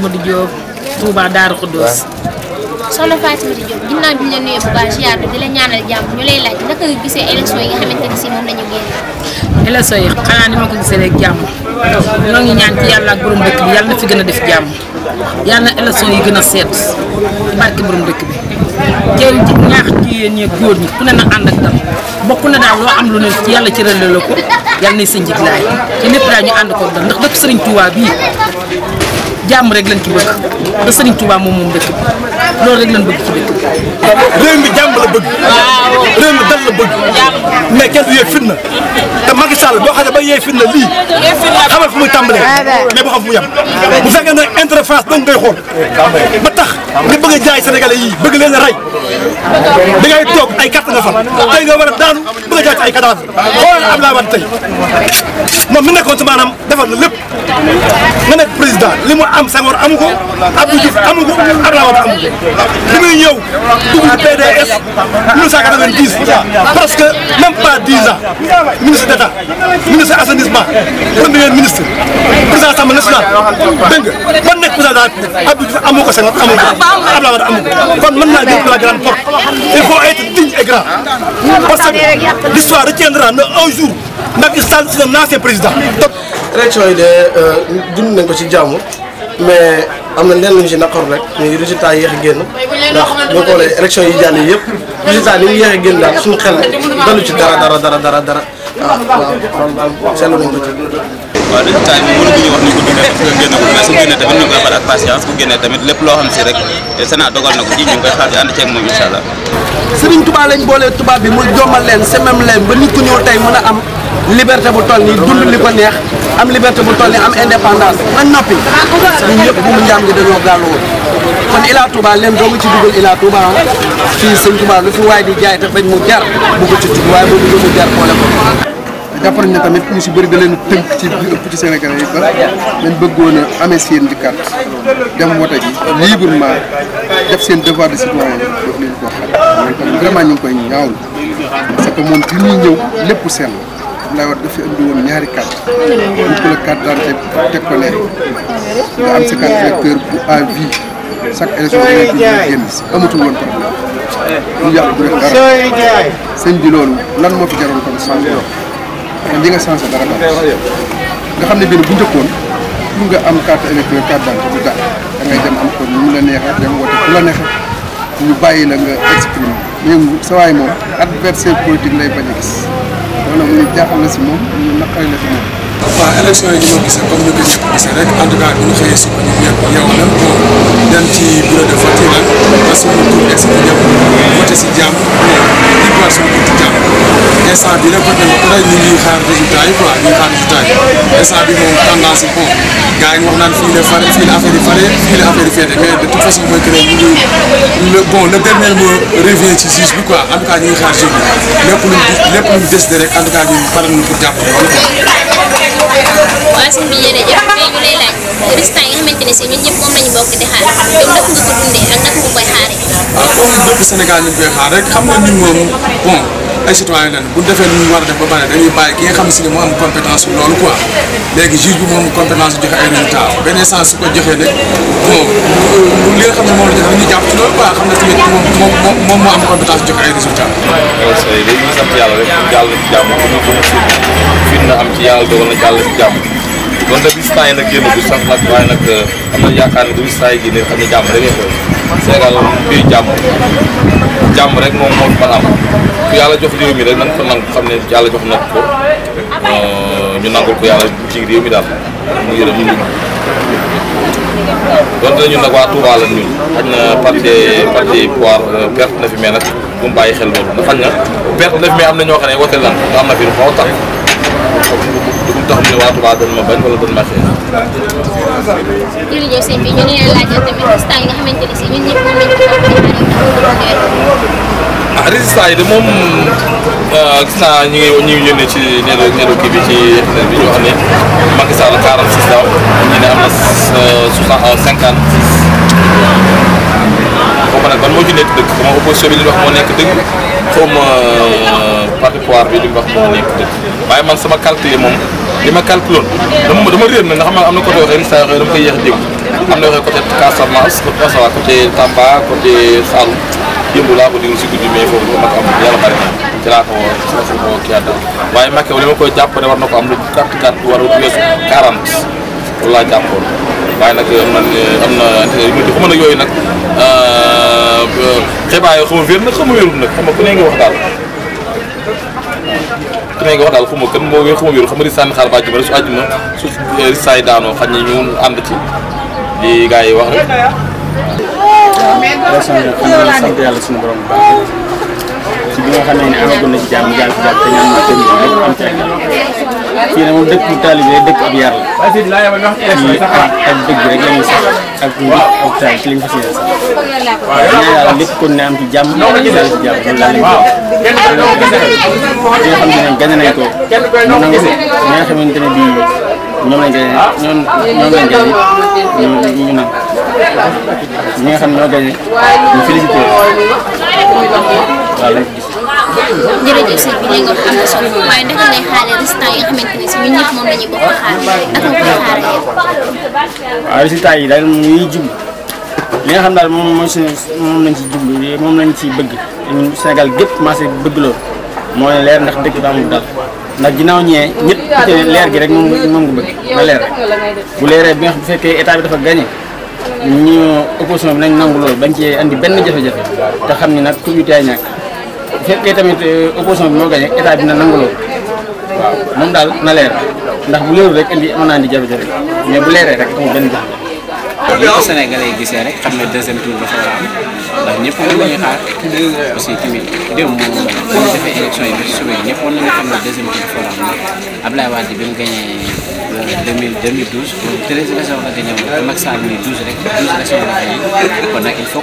Fatimata Diop Touba Darou Khoudoss. soxna Fatimata Diop ginnaaw bi ñu la nuyee bu baax ziar bi di la ñaanal jàmm ñu lay laaj naka nga gisee élection yi ci gën a def jàmm yàlla na élection gën a seet barki borom dëkk bi. teel ci ñaax ci yéen ñee góor ñi ku ne na ànd ak dam bokk na daal loo am lu ne ci yàlla ci rële la ko yàlla nay sa njiglaay te lépp daal ñu ànd ko dam ndax dëkk Serigne Touba bii jàmm rek lañ ci bëgg ba Serigne Touba moom moom dëkk bi loolu rek lañ bëgg ci dëkk bi. réew mi jàmm la bëgg. waaw réew mi la bëgg mais kenn du yee fitna te Macky Sall boo xam ba yee fitna lii xamal fu muy tàmbalee mais boo xam fu mu yem bu fekkee ne interface donc ngay xool ba tax nga bëgg a jaay sénégalais yi bëgg leen a rey da na toog ay carte nga fal tey nga war a daanu bëgg a jaay ci ay cadavre xoolal Abdoulaye Wade tey moom mi nekkoon ci maanaam defar na lépp nga nekk président li mu am Senghor amu ko Abdou Diouf amu ko Abdoulaye Wade amu ko li muy ñëw dugg PDS 1990 presque même pas ans ministre d' ministre assainissement premier ministre président assemblée nationale dégg nga ban président de la République Abdou Diouf amoo ko Senghor amoo ko Abdoulaye Wade naa jël la grande porte il faut être digne et grand parce que l'histoire de na un jour Macky Sall c'est un ancien président. élection yi de euh, dund nañ ko ci jàmm mais. amna na lenn ñu ci naqar rek muy résultat yi yéex génn ndax ko lay élection yi jàll yëpp résultat li mu yéex génn daal suñu xel dalu ci dara dara dara dara dara waaw waaw seetlu nañ ko ci waaw dañu ni guddi lépp loo xam si rek Sénat dogal na ko ci ñu ngi boolee tubaab bi mu jommal leen sa leen ba nit ku ñëw tey mën a am liberté bu toll nii dund li ko neex am liberté bu toll nii am indépendance ba noppi ñun ñëpp bu mu njaam gi dañoo gàllu woon kon Ila Touba leen doogu ci dugal Ila Touba ah. fii Serigne Touba lu fi waay di jaay te bañ mu jar bu ko ci tudd waaye boobu lu mu jar boole ko jàpp nañ tamit ñu si bëri da leen tënk ci li ëpp ci Sénégalais yi ba dañ bëggoon a amee seen di carte dem wote ji librement def seen devoir de citoyen daf leen koo xam mooy tam vraiment ñu ngi koy ñaawlu parce que moom bi ñuy ñëw lépp seen la Abdoulaye Wade dafa ñaari carte ñu ko la carte d'identité teg ko leer am sa carte bu à chaque élection nga génn si amatul woon problème ñu yàq bu def dara sëñ bi loolu lan moo fi jaroon kon sànq li nga sensé dara nga nga kan xam ne benn bu njëkkoon mun nga am carte électeur carte d' identité da ngay dem am ko ñu la neexee dem woote ku la neexee ñu bàyyi la nga exprimer mais sa waay moom adversaire politique lay bañ gis loolu mu ñu jaaxal la si ñu naqari la si moom waaw élection yi ñu ma comme ni ko ñëpp rek en tout cas ñu ñëpp yow dem ci bureau de vote la parce que instant bi nag peut être ñu wax naan fii la fare fii la de toute façon bi quoi en tout cas ñu ngi xaar juge bi lépp luñ lépp luñ pour jàppale wala si ñun ñëpp moom la ñu bokk ak naka ah, xam nga moom bon. ay citoyen lañ bu defee lu ñu war a def ba pare dañuy bàyyi ki nga xam si ne moo am compétence bi loolu quoi léegi juge bi moom compétence bi joxe ay résultat benn sens su ko joxee nag bon li nga xam ne moom la joxe dañuy moom moo am compétence joxe ay résultat léegi ñu sant yàlla rek jàll ci jàmm fi na am ci yàlla na jàll ci jàmm donte bis temps yi nag génn sax nag waaye nag am na yaakaar du bis temps yi génn xam rek ngay xool Sénégal bii jàmm rek moom moo fa am ku yàlla jox réew mi rek nan ko nangu xam ne jox na ko ñu nangul ko yàlla ci réew mi mu ñu Touba la parti parti pouvoir perte na fi bu xel perte na fi am na am na fi lu xaw tax du tax ne waa Touba dañ ma bañ wala dañ ma xeex. jërëjëf sëñ bi ñu ngi leen laajal tamit résistants yi nga xamante ne si ñun ñëpp mën nañu ko ah résistants yi de moom euh, gis naa ñu ngi ñu ngi yónnee ci néew néew kii bi ci internet bi ñu wax ne Macky Sall 46 daaw ñu ne am na 51 56. boobu nag ban moo ci nekk dëgg ba ma opposition bi li wax moo nekk dëgg comme euh, parti pouvoir bi li wax moo nekk dëgg. waye man sama calcul mom li calculon calculé dama réer na nga xam ne am na côté yoo xam ne saa yoo dama koy yéex a dégg am na yoo côté Casamance côté Osawa côté Tamba côté Saloum yëngu laa ko di ci guddi mais fofu ma am yalla bari na ci la ko woo ci ko ki adam waye makke wala li ma koy jàpp ne war nako am lu gàtt gàtt war a weesu 40 wala laa waye nak euh, man amna euh, na am na xuma nag yooyu nag euh, xibaar xuma xam wér na xam wérul nag ku ne nga wax dal ku ne nga wax daal xuma kan moo wér xuma wér xam nga risaan ni xaar ba àjjuma rek su àjjuma eh, daanoo xaj na ñu ànd ci li gars yi wax rek. waaw sant nga xam ne amagoon na ci jàmm jàll ci jàmm te ñaan ma tënk lépp am ci ay fii nag moom dëkk bu taalibe dëkk ab yar la ak dëgg rek la ñuy sax ak njub ak taal ci li nga fas yéene sax ñaan yàlla lépp kon ne am ci jàmm dal ci jàmm loolu laa leen ko ñi nga xam ne gane nañ ko nangu ñi nga xamante ne bii ñoom lañ gane ah. ñoom ñoom lañ gane ñu ñu nangu ñi nga xam ne ñoo gane ñu félicité waaw jërëjëf sëñ bi nee nga lu am na solo waaye naka ngay xaaree résultat yi nga xamante ni si ñun ñëpp li nga xam daal moom mooy suñu moom lañ ci jublu moom lañ ci bëgg ñun Sénégal gépp commencé bëgg loolu mooy leer ndax dëkk bi dal leer gi rek nga bëgg na leer bu bi nga xam état bi dafa gagné ñu opposition bi nañ bañ ci andi benn jafe-jafe te xam ni ku ñu fekkee tamit euh, opposition bi moo gagné état bi na nangu loolu waaw moom daal na leer ndax bu leerul rek indi mën naa indi jafe-jafe mais bu leeree rek amul benn jafe. li ko Sénégalais yi gisee rek xam ne deuxième tour dafa war am ndax ñëpp mën nañu xaar aussi tamit démb bu ñu defee élection yi ba ci suba yi ñëpp mën nañu xam ne deuxième tour dafa war a am ndax Abdoulaye Wade bi moom 13 régions la rek 12 régions la gagné kon nag il faut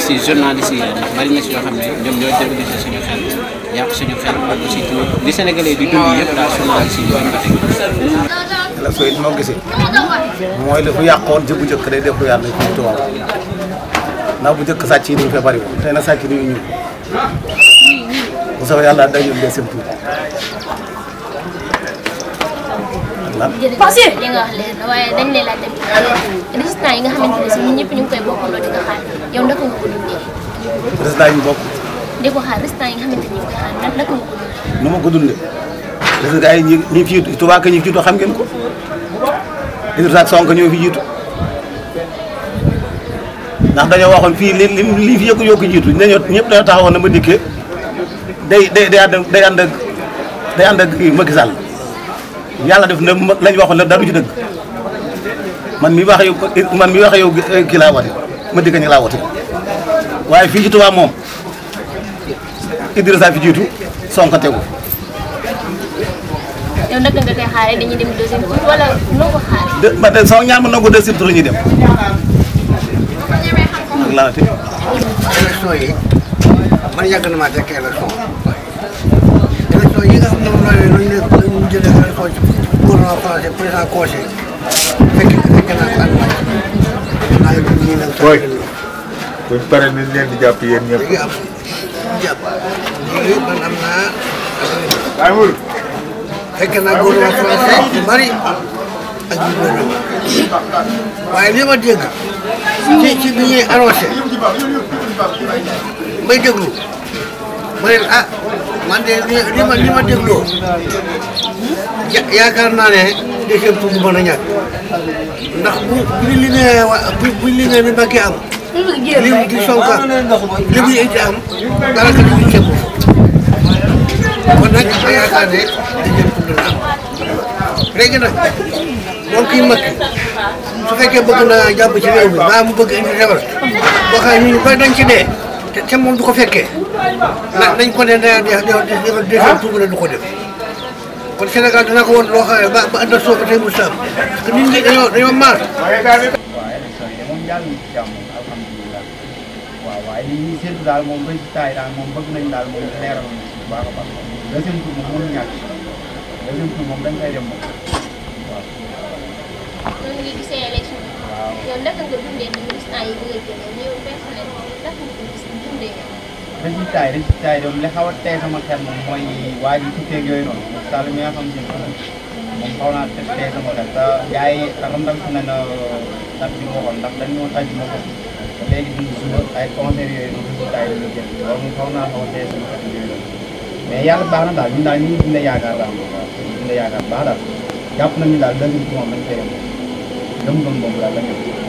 si journaliste yi bari na si yoo xam ne ñoom ñoo dévalisé suñu xel yàq di dund yëpp daal ñu ko teg. la sooy noo gisee mooy li fu xool ji bu njëkk day def lu yàlla ci tubaab ndax bu njëkk sàcc yi dañu fee bari woon tey nag sàcc yi dañu yàlla dañu leen parce dañ lay laaj dem résultat yi nga xamante ne si ñun ñu ngi koy bokkandoo di ko xaar yow naka nga ko dundee. résultat yi ñu bokk. nga xamante ne ñu koy xaar naka ma ko dundee résultat yi ñi ñi fi jiitu tubaab ñi fi jiitu xam ngeen ko résultat Sonko ñoo fi jiitu ndax dañoo waxoon fii li li li jiitu ne ñëpp dañoo taxawoon na ma dikkee day day day ànd day ànd ak yàlla def na lañ waxoon la dara du ci dëgg man mi wax yow man mi wax yow eh, kii laa ma digg ñu laa wote waaye fii ci Tuubaa moom Idrissa fi jiitu Sonko tegu. yow na ko deuxième tour la ñuy dem. ak laajte. jëlee benn xool ci gouvernement français président conseil fekk fekk naa ko ak man maa ngi dugg ñu pare nañ leen di jàpp yéen ñëpp. di jàpp di jàpp léegi waaye li ma dégg ci ci bi ñuy annoncé may déglu man de li ma li yaakaar naa ne déchet bu mën a ñàkk ndax bu bu li nee wa bu bu li nee am. li mu di Sonko am li muy indi am dara ka duñu ceeb kon nag ma yaakaar ne déchet bu dana am léegi nag moom kii Macky su fekkee bëgg naa jàpp ci réew mi mbaa mu bëgg indi defar boo xam ne ñu bari dañ ci dee te te moom du ko fekkee nañ ko ne nee naa di di du ko def. kon Sénégal dana ko woon loo xam ne ba ba ànd ak soo ko tey mu saam parce que nit ñi dañoo dañoo maar. waaye élection yi de moom jàll na ci jàmm alhamdulilah waaw waaye li ñuy séntu daal moom résultat yi daal moom bëgg nañ daal moom leeral nañ si bu baax a baax deuxième tour moom mënul ñàkk deuxième tour moom dañ koy dem moom waaw. noonu nga gisee élection bi. waaw yow naka nga dundee ni ministres yi nga jëlee yow personnellement naka nga ko dundee. da ciy taay da ciy taay doom li xaw a tey sama xel moom mooy waa ji tuuteeg yooyu noonu Sall mi nga xam ne moom xaw naa tey sama xel te gars yi randal fi na na ndax bi ma waxoon ndax dañoo taj ma ko léegi dund suba ay conseils yooyu noonu résultats yi ñu jël loolu moom xaw naa xaw a tey sama xel yooyu noonu mais yàlla baax na daal ñun daal ñu ngi dund yaakaar daal dund yaakaar baax daal jàpp nañu daal dëgg moom lañ koy gëm-gëm boobu daal lañ koy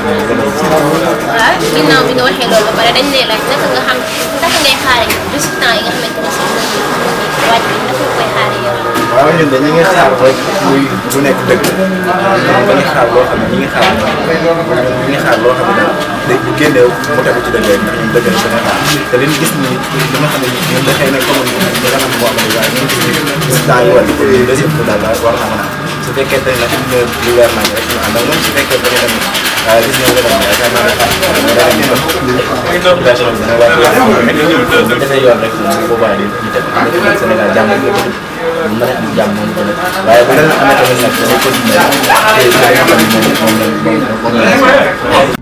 waaw ginnaaw bi nga waxee loolu ba pare dañ lay laaj naka nga xam naka ngay xaaree résultat yi nga xamante ne si waaj bi naka koy xaaree yow. waaw ñun de ñu ngi xaar rek muy bu nekk dëgg ñu ngi xaar loo xam ne ñu ngi xaar ñu ngi xaar loo xam ne day bu génnee mu tegu ci dëgg rek ndax ñun dëgg rek dañuy xaar te li ñu gis nii li nga xam ne ñun de xëy na comme ni ñu ko waxee ñu ngi xaar boo xam ne waaye ñun ci résultat yi war na ko deuxième tour daal war na mën a am su fekkente ne nag ñu gouvernement bi rek ñu ànd ak moom su fekkente ne tamit gis nga ko tamit yaakaar naa ne dara ñu dox. population bi dina war a yoon bu defee yoon rek bu boobaa di ñu def Sénégal jàmm ak yëpp ñu mën a am jàmm moom tamit waaye bu leen amee tamit nag dañoo continuer te moom moom moom moom